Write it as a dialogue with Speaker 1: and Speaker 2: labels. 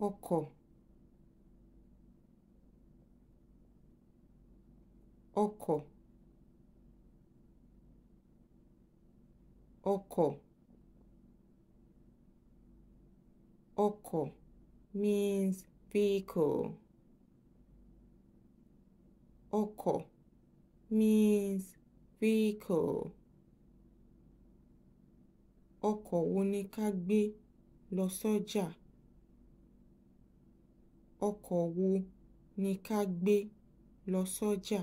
Speaker 1: Oko, Oko, Oko, Oko
Speaker 2: means vehicle Oko means vehicle Oko wo ni ká gbé lọ sọ́jà. So ọkọ̀ wo ni ká gbé lọ
Speaker 3: sọ́jà?